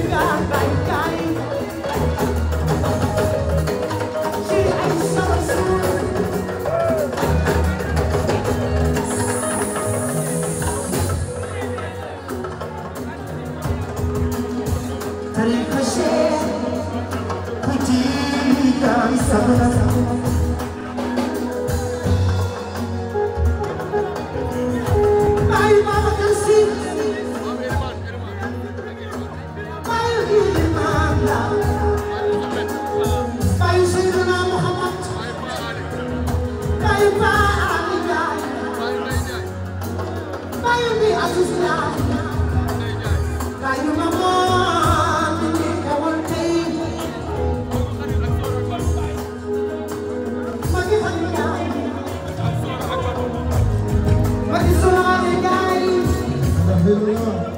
Bye. Hallelujah.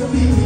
with me.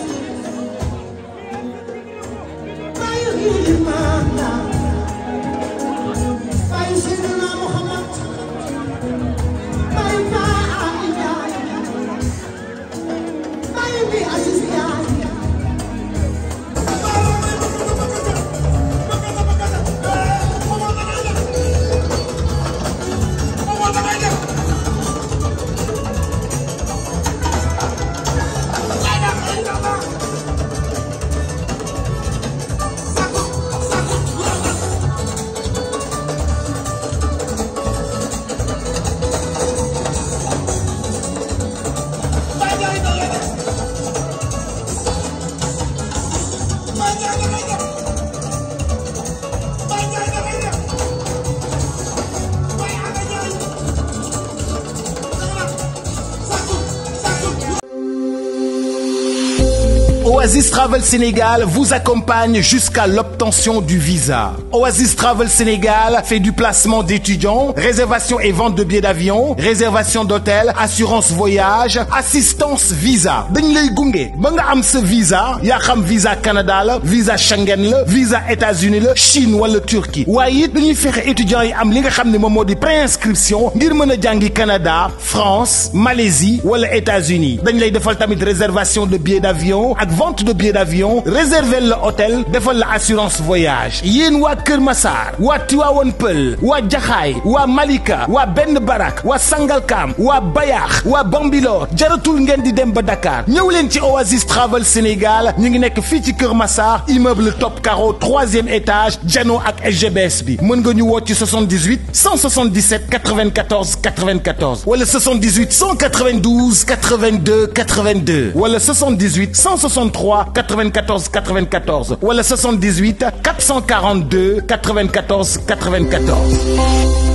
Oasis Travel Sénégal vous accompagne jusqu'à l'obtention du visa. Oasis Travel Sénégal fait du placement d'étudiants, réservation et vente de billets d'avion, réservation d'hôtel, assurance voyage, assistance visa. dañ lay gunge ba nga am sa visa yaa xam visa Canada la visa Schengen la visa États-Unis la Chine wala Turquie waaye it dañuy fexe étudiants yi am li nga xam ne moom moo di préinscription ngir mën a jàngi Canada France Malaisie wala États-Unis dañ lay defal tamit réservation de billets d'avion vente de billets d'avion réservez la hôtel defal la assurance voyage yéen waa Kër Massar waa Tivaouane Peulh waa Jaxaay waa Malika waa Benn Barak waa Sangalkam waa Bayaax waa Bambilor jaratul ngeen di dem ba Dakar ñëw leen ci Oasis Travel Sénégal ñu ngi nekk fii ci Kër Massar immeuble Top Caro troisième étage jano ak SGBS bi mën nga ñu woo ci 78 177 94 94 wala 78 192 82 82 wala 78 163 33 94 94 wala 78 442 94 94.